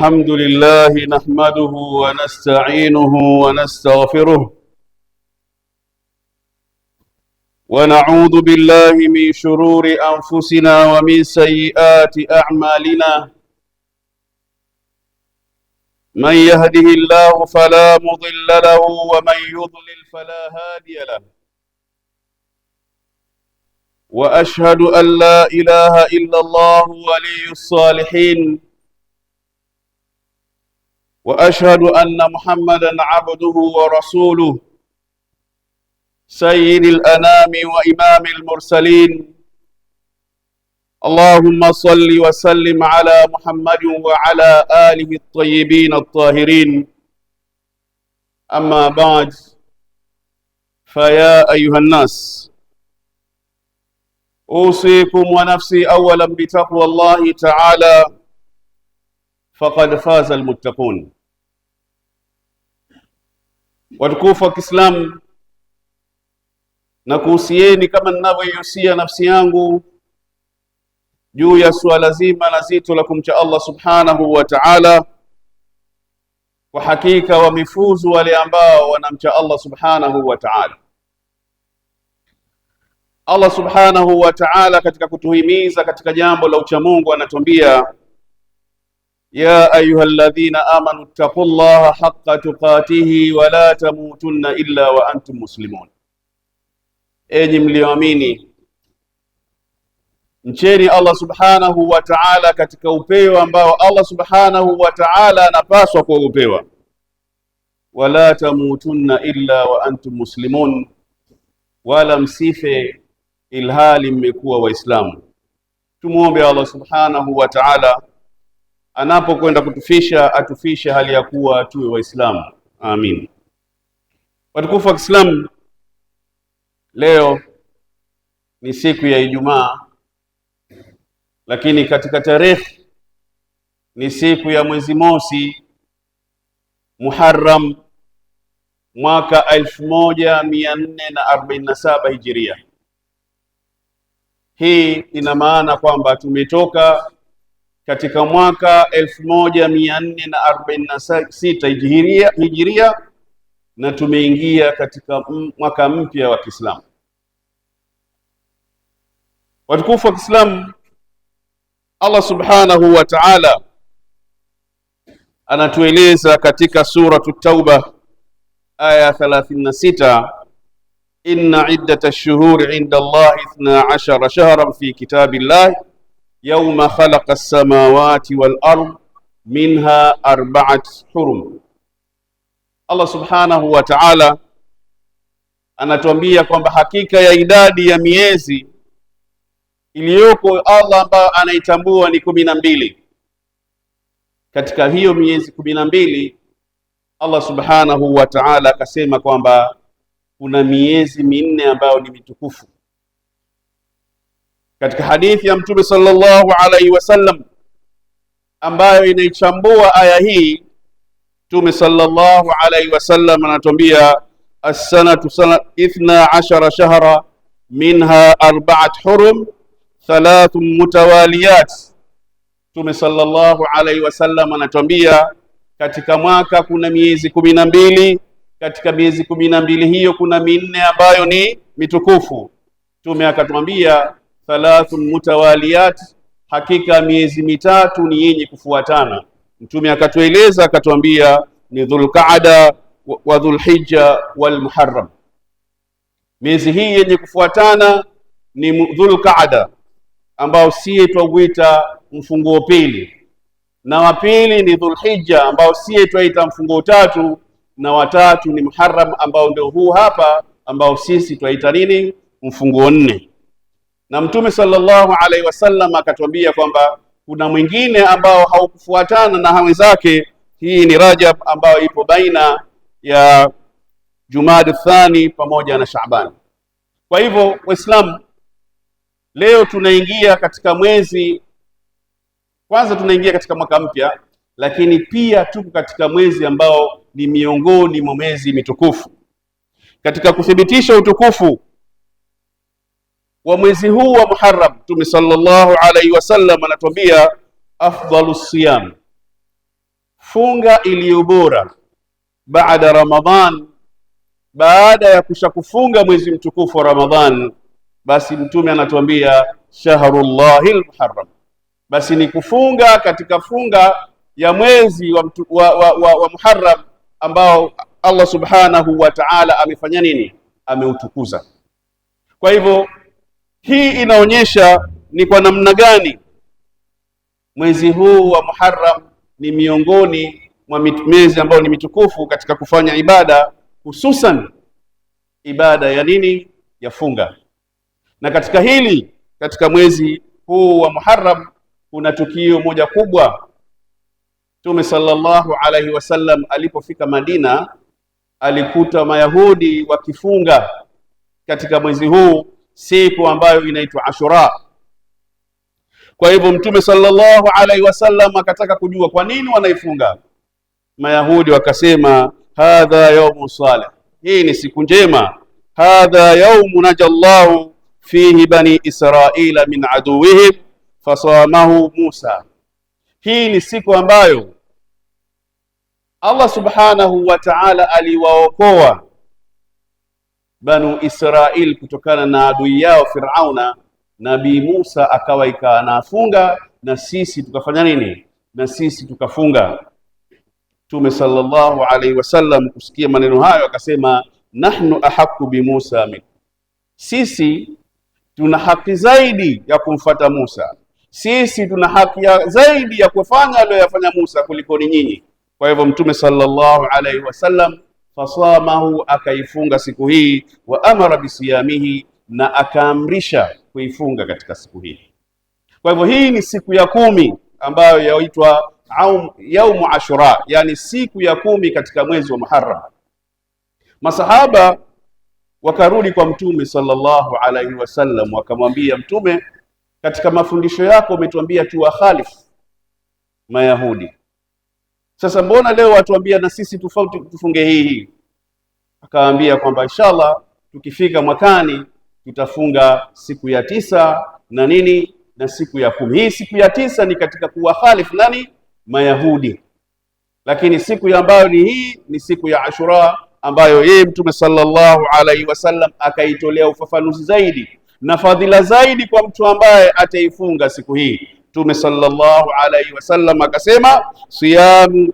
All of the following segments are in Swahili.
الحمد لله نحمده ونستعينه ونستغفره ونعوذ بالله من شرور أنفسنا ومن سيئات أعمالنا من يهده الله فلا مضل له ومن يضلل فلا هادي له وأشهد أن لا إله إلا الله ولي الصالحين واشهد ان محمدا عبده ورسوله سيد الانام وامام المرسلين اللهم صل وسلم على محمد وعلى اله الطيبين الطاهرين اما بعد فيا ايها الناس اوصيكم ونفسي اولا بتقوى الله تعالى faqad faza almuttaqun. Watukufu wa Kiislamu, na kuhusieni kama ninavyoihusia nafsi yangu juu ya suala zima la zito la kumcha Allah subhanahu wa ta'ala. Kwa hakika wamefuzu wale ambao wanamcha Allah subhanahu wa ta'ala. Allah subhanahu wa ta'ala katika kutuhimiza katika jambo la uchamungu anatuambia يا أيها الذين آمنوا اتقوا الله حق تقاته ولا تموتن إلا وأنتم muslimun Enyi mlioamini, mcheni Allah subhanahu wa ta'ala katika upeo ambao Allah subhanahu wa ta'ala anapaswa kuupewa. Wala tamutunna illa wa antum muslimun, wala msife ilhali mmekuwa Waislamu. Tumwombe Allah subhanahu wa ta'ala anapokwenda kutufisha atufishe hali ya kuwa tuwe Waislamu. Amin. Watukufu wa Kiislamu, leo ni siku ya Ijumaa, lakini katika tarehe ni siku ya mwezi mosi Muharram mwaka elfu moja mia nne na arobaini na saba hijiria. Hii ina maana kwamba tumetoka katika mwaka elfu moja mia nne na arobaini na sita hijiria, hijiria na tumeingia katika mwaka mpya wa Kiislamu. Watukufu wa Kiislamu, Allah subhanahu wa ta'ala anatueleza katika suratu Tauba aya 36 inna iddatash shuhuri inda Allahi 12 shahran fi kitabillahi yauma khalaqa samawati wal ard minha arba'at hurum. Allah subhanahu wa ta'ala anatuambia kwamba hakika ya idadi ya miezi iliyoko Allah ambayo anaitambua ni kumi na mbili. Katika hiyo miezi kumi na mbili Allah subhanahu wa ta'ala akasema kwamba kuna miezi minne ambayo ni mitukufu katika hadithi ya Mtume sallallahu alaihi wasallam ambayo inaichambua aya hii, Mtume sallallahu alaihi wasallam anatuambia assanatu sana ithna ashara shahra minha arbaat hurum thalathu mutawaliyat. Mtume sallallahu alaihi wasallam anatuambia katika mwaka kuna miezi kumi na mbili katika miezi kumi na mbili hiyo kuna minne ambayo ni mitukufu. Mtume akatwambia thalathun mutawaliyat, hakika miezi mitatu ni yenye kufuatana. Mtume akatueleza akatuambia ni Dhulqaada wa Dhulhijja wal Muharram. Miezi hii yenye kufuatana ni Dhulqaada ambao sie twauita mfunguo pili, na wa pili ni Dhulhijja ambao sie twaita mfunguo tatu, na watatu ni Muharram ambao ndio huu hapa ambao sisi twaita nini, mfunguo nne na Mtume sallallahu alaihi wasallam akatwambia kwamba kuna mwingine ambao haukufuatana na zake Hii ni Rajab ambayo ipo baina ya Jumada Thani pamoja na Shaaban. Kwa hivyo, Waislamu leo tunaingia katika mwezi kwanza, tunaingia katika mwaka mpya, lakini pia tuko katika mwezi ambao ni miongoni mwa mwezi mitukufu. Katika kuthibitisha utukufu kwa mwezi huu wa Muharram, Mtume sallallahu alaihi wasallam anatuambia afdalu siyam, funga iliyo bora baada Ramadhan, baada ya kusha kufunga mwezi mtukufu wa Ramadhan, basi Mtume anatuambia shahrullahi lmuharram, basi ni kufunga katika funga ya mwezi wa, wa, wa, wa, wa Muharram ambao Allah subhanahu wa ta'ala amefanya nini? Ameutukuza. Kwa hivyo hii inaonyesha ni kwa namna gani mwezi huu wa Muharram ni miongoni mwa miezi ambayo ni mitukufu katika kufanya ibada, hususan ibada ya nini? Ya funga. Na katika hili, katika mwezi huu wa Muharram kuna tukio moja kubwa. Mtume sallallahu alaihi wasallam alipofika Madina alikuta Mayahudi wakifunga katika mwezi huu siku ambayo inaitwa Ashura. Kwa hivyo Mtume sallallahu alaihi wasallam akataka kujua kwa nini wanaifunga. Mayahudi wakasema hadha yaumu salih, hii ni siku njema. Hadha yaumu najallahu fihi bani israila min aduwihim fasamahu Musa, hii ni siku ambayo Allah subhanahu wa ta'ala aliwaokoa Banu Israil kutokana na adui yao Firauna, Nabii Musa akawa ikaa nafunga na sisi tukafanya nini? Na sisi tukafunga. Mtume sallallahu alaihi wasallam kusikia maneno hayo akasema, nahnu ahaqqu bi Musa min, sisi tuna haki zaidi ya kumfata Musa, sisi tuna haki zaidi ya kufanya aliyoyafanya Musa kuliko ni nyinyi. Kwa hivyo Mtume sallallahu alaihi wasallam fasamahu, akaifunga siku hii. Wa amara bisiyamihi, na akaamrisha kuifunga katika siku hii. Kwa hivyo hii ni siku ya kumi ambayo yaitwa yaumu ashura, yani siku ya kumi katika mwezi wa Muharram. Masahaba wakarudi kwa Mtume sallallahu alaihi wasallam, wakamwambia Mtume, katika mafundisho yako umetuambia khalif Mayahudi sasa mbona leo watuambia na sisi tofauti, tufunge hii hii? Akawaambia kwamba inshallah tukifika mwakani tutafunga siku ya tisa na nini na siku ya kumi. Hii siku ya tisa ni katika kuwakhalifu nani? Mayahudi. Lakini siku ya ambayo ni hii ni siku ya Ashura ambayo yeye Mtume sallallahu alaihi wasallam akaitolea ufafanuzi zaidi na fadhila zaidi kwa mtu ambaye ataifunga siku hii. Mtume sallallahu alaihi wasallam akasema, siyamu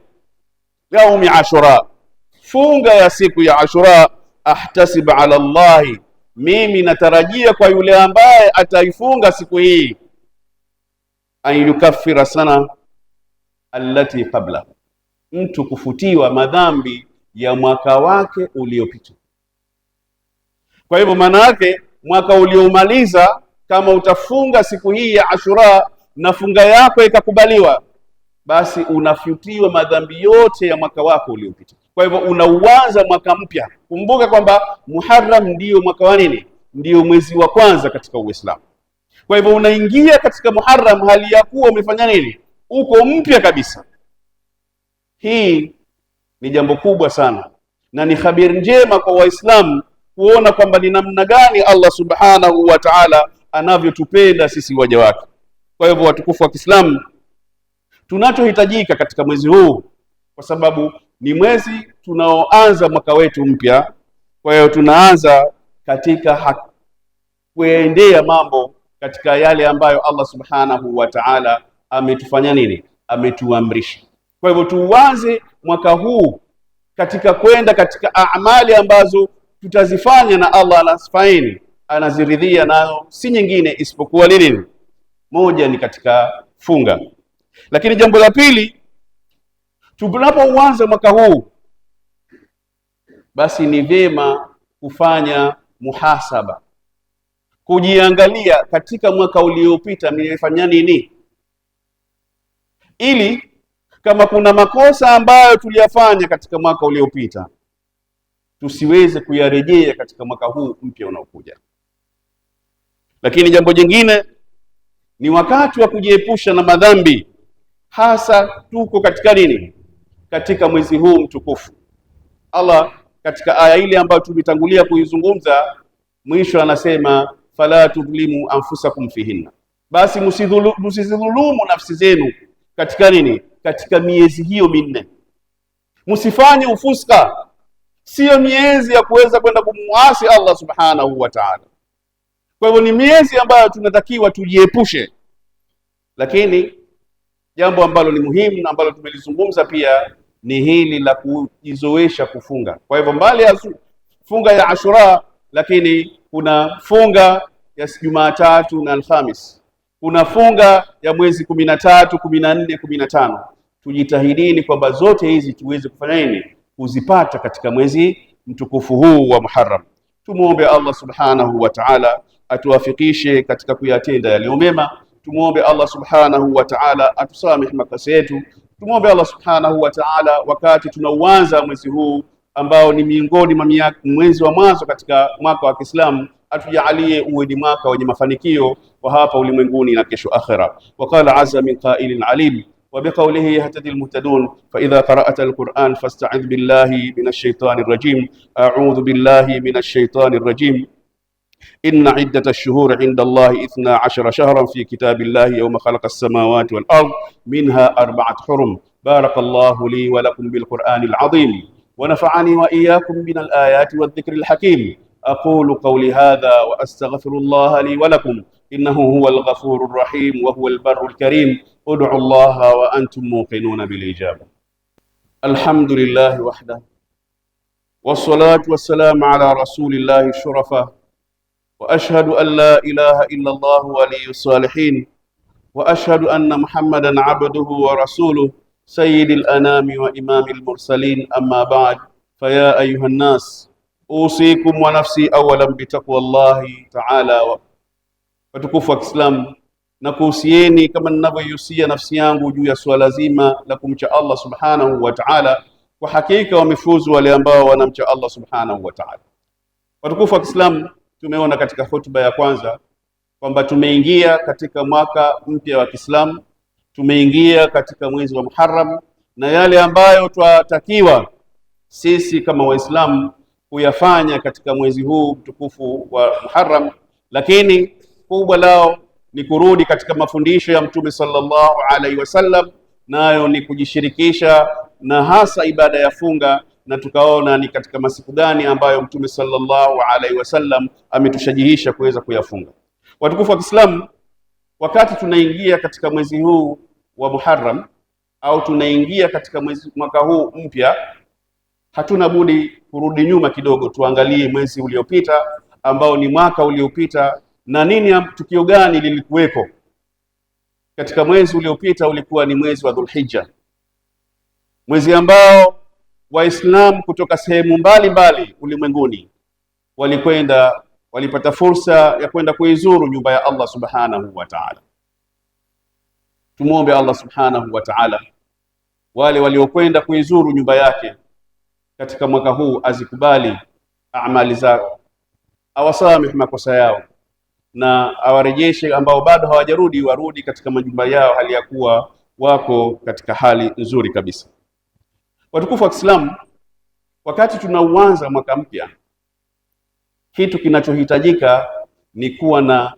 yaumi ashura, funga ya siku ya Ashura. Ahtasib ala Allahi, mimi natarajia kwa yule ambaye ataifunga siku hii, an yukaffira sana allati qabla, mtu kufutiwa madhambi ya mwaka wake uliopita. Kwa hivyo maana yake mwaka uliomaliza, kama utafunga siku hii ya Ashura na funga yako ikakubaliwa, basi unafutiwa madhambi yote ya mwaka wako uliopita. Kwa hivyo unauanza mwaka mpya. Kumbuka kwamba Muharram ndiyo mwaka wa nini? Ndiyo mwezi wa kwanza katika Uislamu. Kwa hivyo unaingia katika Muharram hali ya kuwa umefanya nini? Uko mpya kabisa. Hii ni jambo kubwa sana na ni habari njema kwa Waislamu kuona kwamba ni namna gani Allah subhanahu wa ta'ala anavyotupenda sisi waja wake. Kwa hivyo watukufu wa Kiislamu, tunachohitajika katika mwezi huu, kwa sababu ni mwezi tunaoanza mwaka wetu mpya, kwa hiyo tunaanza katika kuendea mambo katika yale ambayo Allah subhanahu wa ta'ala ametufanya nini, ametuamrisha. Kwa hivyo tuanze mwaka huu katika kwenda katika amali ambazo tutazifanya na Allah anasifaini anaziridhia, nayo si nyingine isipokuwa lilini moja ni katika funga, lakini jambo la pili, tunapoanza mwaka huu, basi ni vyema kufanya muhasaba, kujiangalia katika mwaka uliopita nilifanya nini, ili kama kuna makosa ambayo tuliyafanya katika mwaka uliopita tusiweze kuyarejea katika mwaka huu mpya unaokuja. Lakini jambo jingine ni wakati wa kujiepusha na madhambi, hasa tuko katika nini? Katika mwezi huu mtukufu. Allah katika aya ile ambayo tumetangulia kuizungumza mwisho anasema fala tudhlimu anfusakum fihinna, basi msizidhulumu nafsi zenu katika nini? Katika miezi hiyo minne. Msifanye ufuska, siyo miezi ya kuweza kwenda kumuasi Allah subhanahu wa ta'ala. Kwa hivyo ni miezi ambayo tunatakiwa tujiepushe, lakini jambo ambalo ni muhimu na ambalo tumelizungumza pia ni hili la kujizoesha kufunga. Kwa hivyo mbali ya funga ya Ashura, lakini kuna funga ya Jumatatu na Alhamis, kuna funga ya mwezi kumi na tatu, kumi na nne, kumi na tano. Tujitahidini kwamba zote hizi tuweze kufanya nini, kuzipata katika mwezi mtukufu huu wa Muharram. Tumuombe Allah subhanahu wa ta'ala atuwafikishe katika kuyatenda yaliyo mema. Tumwombe Allah subhanahu wa ta'ala atusamehe makosa yetu. Tumwombe Allah subhanahu wa ta'ala, wakati tunauanza mwezi huu ambao ni miongoni mwa mwezi wa mwanzo katika mwaka wa Kiislamu, atujaalie uwe ni mwaka wenye mafanikio wa hapa ulimwenguni na kesho akhera. Waqala azza min qailin alim wa biqawlihi yahtadi almuhtadun fa idha qara'ta alquran fasta'idh billahi minash shaitani rrajim a'udhu billahi minash shaitani rrajim إن عدة الشهور عند الله إثنا عشر شهرا في كتاب الله يوم خلق السماوات والأرض منها أربعة حرم بارك الله لي ولكم بالقرآن العظيم ونفعني وإياكم من الآيات والذكر الحكيم أقول قولي هذا وأستغفر الله لي ولكم إنه هو الغفور الرحيم وهو البر الكريم ادعوا الله وأنتم موقنون بالإجابة الحمد لله وحده والصلاة والسلام على رسول الله الشرفة وأشهد أن لا إله إلا الله ولي الصالحين وأشهد أن محمدا عبده ورسوله سيد الأنام وإمام المرسلين أما بعد فيا أيها الناس أوصيكم ونفسي أولا بتقوى الله تعالى watukufu wa Kiislamu na kuhusieni kama ninavyoihusia nafsi yangu juu ya suala zima la kumcha Allah subhanahu wa ta'ala. Kwa hakika wamefuzu wale ambao wanamcha Allah subhanahu wa ta'ala. Watukufu wa Kiislamu tumeona katika hotuba ya kwanza kwamba tumeingia katika mwaka mpya wa Kiislamu, tumeingia katika mwezi wa Muharram, na yale ambayo twatakiwa sisi kama Waislamu kuyafanya katika mwezi huu mtukufu wa Muharram, lakini kubwa lao ni kurudi katika mafundisho ya Mtume sallallahu alaihi wasallam, nayo ni kujishirikisha na hasa ibada ya funga na tukaona ni katika masiku gani ambayo Mtume sallallahu alaihi wasallam ametushajihisha kuweza kuyafunga. Watukufu wa Kiislamu, wakati tunaingia katika mwezi huu wa Muharram au tunaingia katika mwezi mwaka huu mpya, hatuna budi kurudi nyuma kidogo, tuangalie mwezi uliopita ambao ni mwaka uliopita na nini, tukio gani lilikuweko katika mwezi uliopita. Ulikuwa ni mwezi wa Dhulhijja, mwezi ambao Waislamu kutoka sehemu mbalimbali ulimwenguni walikwenda, walipata fursa ya kwenda kuizuru nyumba ya Allah subhanahu wa ta'ala. Tumwombe Allah subhanahu wa ta'ala wale waliokwenda kuizuru nyumba yake katika mwaka huu azikubali amali zao, awasamehe makosa yao, na awarejeshe ambao bado hawajarudi, warudi katika majumba yao hali ya kuwa wako katika hali nzuri kabisa. Watukufu wa Kiislamu, wakati tunauanza mwaka mpya, kitu kinachohitajika ni kuwa na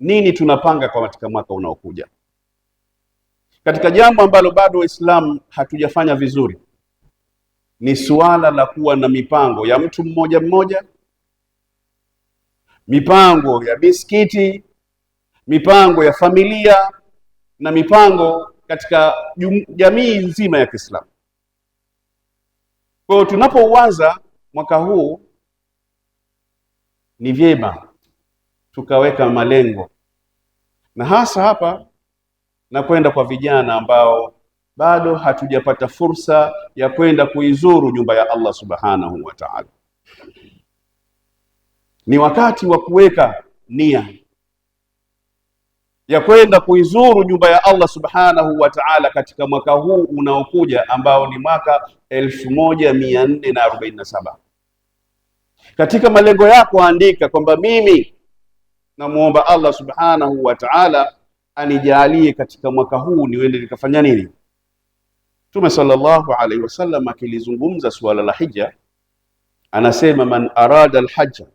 nini tunapanga kwa katika mwaka unaokuja. Katika jambo ambalo bado Waislamu hatujafanya vizuri ni suala la kuwa na mipango ya mtu mmoja mmoja, mipango ya misikiti, mipango ya familia na mipango katika jamii nzima ya Kiislamu. Kwa hiyo tunapouanza mwaka huu ni vyema tukaweka malengo, na hasa hapa na kwenda kwa vijana ambao bado hatujapata fursa ya kwenda kuizuru nyumba ya Allah subhanahu wa ta'ala. Ni wakati wa kuweka nia ya kwenda kuizuru nyumba ya Allah subhanahu wa ta'ala katika mwaka huu unaokuja ambao ni mwaka 1447. Katika malengo yako andika kwamba mimi namuomba Allah subhanahu wa ta'ala anijalie katika mwaka huu niwende nikafanya nini. Mtume sallallahu alaihi wasallam akilizungumza suala la hija anasema, man arada alhaja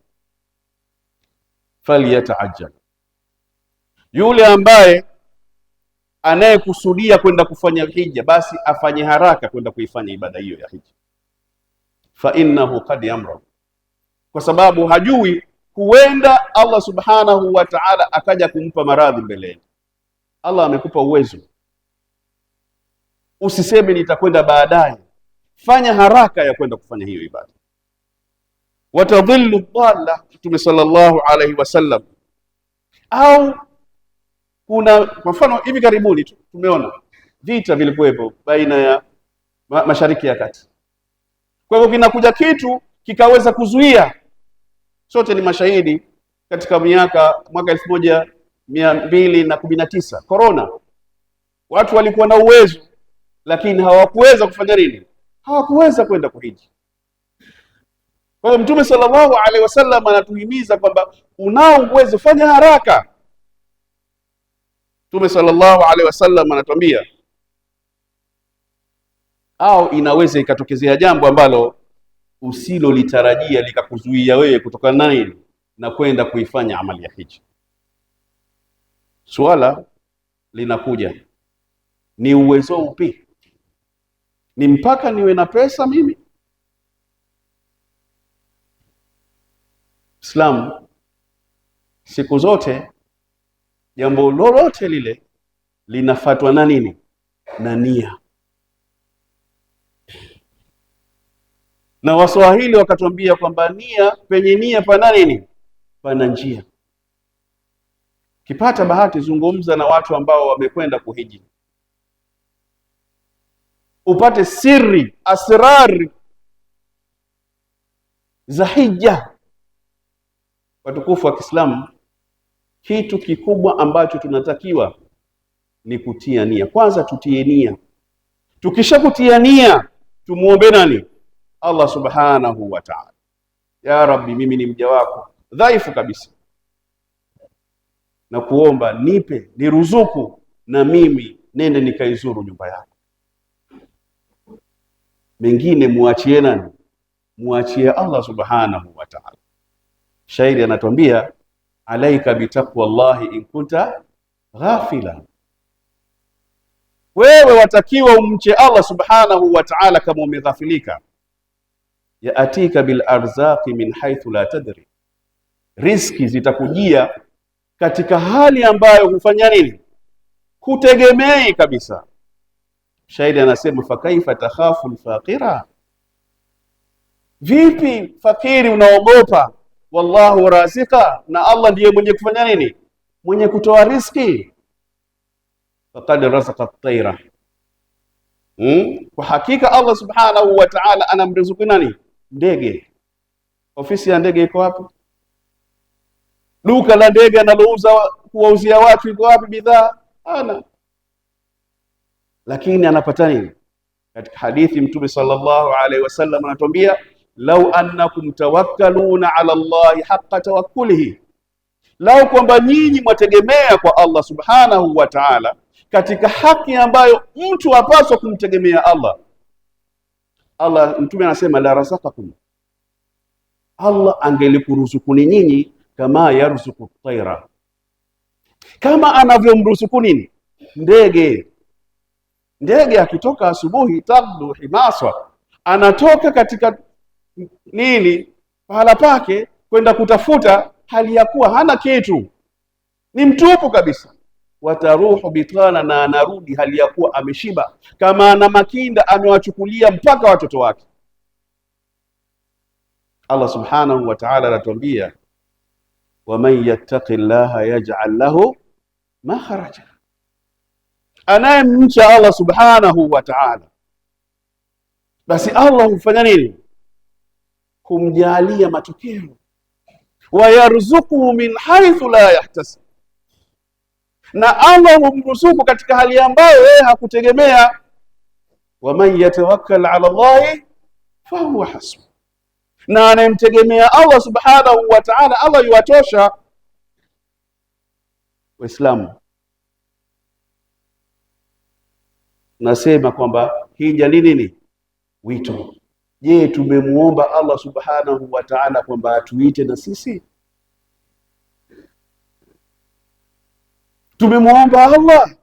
falyataajjal yule ambaye anayekusudia kwenda kufanya hija, basi afanye haraka kwenda kuifanya ibada hiyo ya hija, fa innahu qad yamra, kwa sababu hajui, huenda Allah subhanahu wa ta'ala akaja kumpa maradhi mbeleni. Allah amekupa uwezo, usiseme nitakwenda baadaye, fanya haraka ya kwenda kufanya hiyo ibada. watadhillu dhalla, Mtume sallallahu alaihi wasallam au kuna kwa mfano hivi karibuni tu tumeona vita vilikuwepo baina ya ma Mashariki ya Kati. Kwa hivyo kinakuja kitu kikaweza kuzuia, sote ni mashahidi katika miaka mwaka elfu moja mia mbili na kumi na tisa corona, watu walikuwa na uwezo lakini hawakuweza kufanya nini? Hawakuweza kwenda kuhiji. Kwa hiyo Mtume sallallahu alaihi wasallam anatuhimiza kwamba unao uwezo, fanya haraka Mtume sallallahu alaihi wasallam anatuambia, au inaweza ikatokezea jambo ambalo usilolitarajia likakuzuia wewe kutoka naye na kwenda kuifanya amali ya hija. Suala linakuja ni uwezo upi? Ni mpaka niwe na pesa mimi? Islam siku zote jambo lolote lile linafatwa na nini? Na nia. Na Waswahili wakatuambia kwamba nia, penye nia pana nini? Pana njia. Kipata bahati, zungumza na watu ambao wamekwenda kuhiji, upate siri, asrari za hija watukufu wa Kiislamu kitu kikubwa ambacho tunatakiwa ni kutia nia. Kwanza tutie nia, tukishakutia nia tumuombe nani? Allah subhanahu wa ta'ala. Ya Rabbi, mimi ni mja wako dhaifu kabisa, na kuomba nipe niruzuku, na mimi nende nikaizuru nyumba yako. Mengine muachie nani? Muachie Allah subhanahu wa ta'ala. Shairi anatuambia alaika bitaqwa llahi in kunta ghafila, wewe watakiwa umche Allah subhanahu wa ta'ala kama umeghafilika. Yaatika bil arzaqi min haythu la tadri, riski zitakujia katika hali ambayo hufanya nini? Hutegemei kabisa. Shahidi anasema fakaifa takhafu lfaqira, vipi fakiri unaogopa wallahu rasika, na Allah ndiye mwenye kufanya nini? Mwenye kutoa riski. Faqad razaka taira hmm? Kwa hakika Allah subhanahu wa ta'ala anamrizuku nani? Ndege. Ofisi ya ndege iko wapi? Duka la ndege analouza kuwauzia watu iko wapi bidhaa? Ana lakini anapata nini? Katika hadithi Mtume sallallahu alaihi wasallam anatuambia lau annakum tawakkaluna ala Allahi haqqa tawakkulihi, lau kwamba nyinyi mwategemea kwa Allah subhanahu wa ta'ala katika haki ambayo mtu apaswa kumtegemea Allah. Allah mtume anasema la rasakakum Allah angelikuruzuku nyinyi kama yarzuku taira, kama anavyomruzuku nini ndege. Ndege akitoka asubuhi, tabdu himaswa, anatoka katika nini pahala pake kwenda kutafuta, hali ya kuwa hana kitu, ni mtupu kabisa. Wataruhu bitana, na anarudi hali ya kuwa ameshiba. Kama ana makinda, amewachukulia mpaka watoto wake. Allah subhanahu wa ta'ala anatuambia, waman yattaqi llaha yaj'al lahu makhraja, anayemcha Allah subhanahu wa ta'ala, basi Allah hufanya nini humjaalia matokeo, wayarzukuhu min haithu la yahtasib, na Allah humruzuku katika hali ambayo yeye hakutegemea. Waman yatawakkal ala llahi fahuwa hasbu, na anayemtegemea Allah subhanahu wa ta'ala, Allah yuwatosha. Waislamu, nasema kwamba hija ni nini? Wito Je, tumemuomba Allah subhanahu wa ta'ala kwamba atuite na sisi? Tumemwomba Allah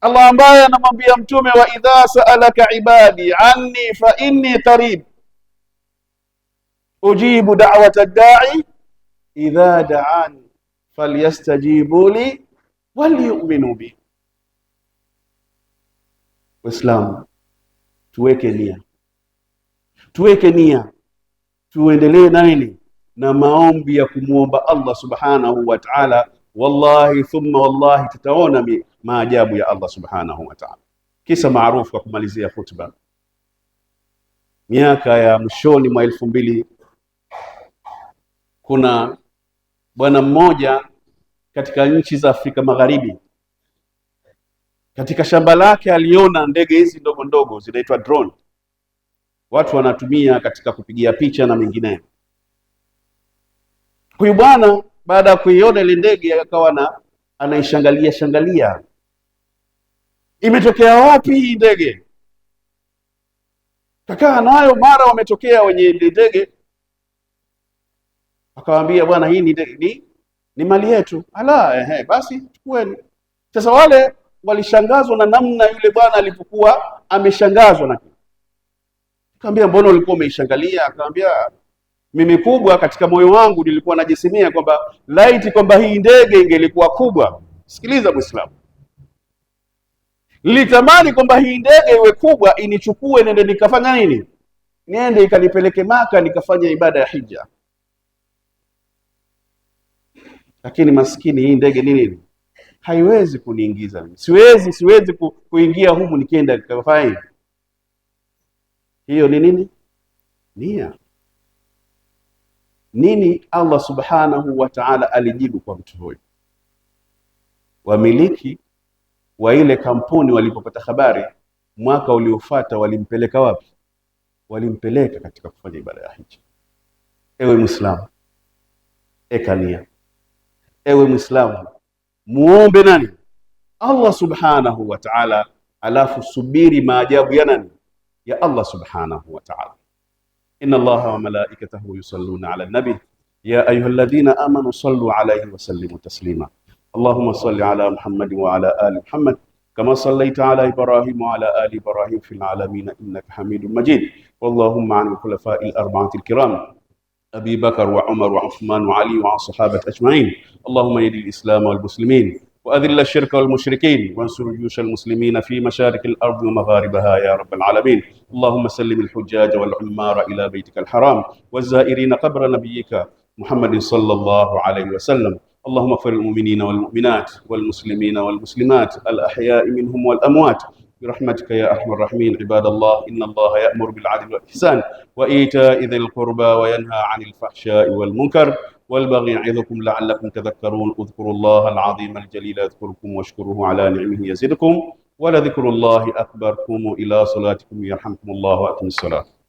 Allah ambaye anamwambia mtume wa idha saalaka ibadi anni fa inni qarib ujibu da'wata da'i idha da'ani falyastajibu li waliyu'minu bi Waislamu tuweke nia tuweke nia, tuendelee na nini na maombi ya kumwomba Allah subhanahu wa ta'ala. Wallahi thumma wallahi, tutaona maajabu ya Allah subhanahu wa ta'ala. Kisa maarufu kwa kumalizia khutba, miaka ya mwishoni mwa elfu mbili, kuna bwana mmoja katika nchi za Afrika Magharibi, katika shamba lake aliona ndege hizi ndogo ndogo zinaitwa drone watu wanatumia katika kupigia picha na mengineyo. Huyu bwana baada ya kuiona ile ndege akawa na anaishangalia shangalia, imetokea wapi hii ndege? Kakaa nayo, mara wametokea wenye ile ndege, akawaambia bwana, hii ni, ni, ni mali yetu. Ala, ehe, basi chukueni. Sasa wale walishangazwa na namna yule bwana alipokuwa ameshangazwa na Nikamwambia mbona ulikuwa umeishangalia? Akamwambia mimi kubwa, katika moyo wangu nilikuwa najisimia kwamba laiti kwamba hii ndege ingelikuwa kubwa. Sikiliza Muislamu, nilitamani kwamba hii ndege iwe kubwa, inichukue nende nikafanya nini, niende ikanipeleke Maka nikafanya ibada ya hija. Lakini maskini, hii ndege ni nini? Haiwezi kuniingiza mimi, siwezi siwezi ku, kuingia humu nikienda nikafanya hiyo ni nini? Nia. Nini Allah subhanahu wa ta'ala alijibu kwa mtu huyu? Wamiliki wa ile kampuni walipopata habari, mwaka uliofuata walimpeleka wapi? Walimpeleka katika kufanya ibada ya hija. Ewe Muislamu, eka nia. Ewe Muislamu, muombe nani? Allah subhanahu wa ta'ala, alafu subiri maajabu ya nani يا الله سبحانه وتعالى إن الله وملائكته يصلون على النبي يا أيها الذين آمنوا صلوا عليه وسلموا تسليما اللهم صل على محمد وعلى آل محمد كما صليت على إبراهيم وعلى آل إبراهيم في العالمين إنك حميد مجيد واللهم عن الخلفاء الأربعة الكرام أبي بكر وعمر وعثمان وعلي وعن الصحابة أجمعين اللهم يدي الإسلام والمسلمين وأذل الشرك والمشركين وانصر جيوش المسلمين في مشارق الأرض ومغاربها يا رب العالمين اللهم سلم الحجاج والعمار إلى بيتك الحرام والزائرين قبر نبيك محمد صلى الله عليه وسلم اللهم اغفر المؤمنين والمؤمنات والمسلمين والمسلمات الأحياء منهم والأموات برحمتك يا أرحم الراحمين عباد الله إن الله يأمر بالعدل والإحسان وإيتاء ذي القربى وينهى عن الفحشاء والمنكر والبغي يعظكم لعلكم تذكرون اذكروا الله العظيم الجليل يذكركم واشكروه على نعمه يزدكم ولذكر الله أكبر قوموا إلى صلاتكم يرحمكم الله وأتم الصلاة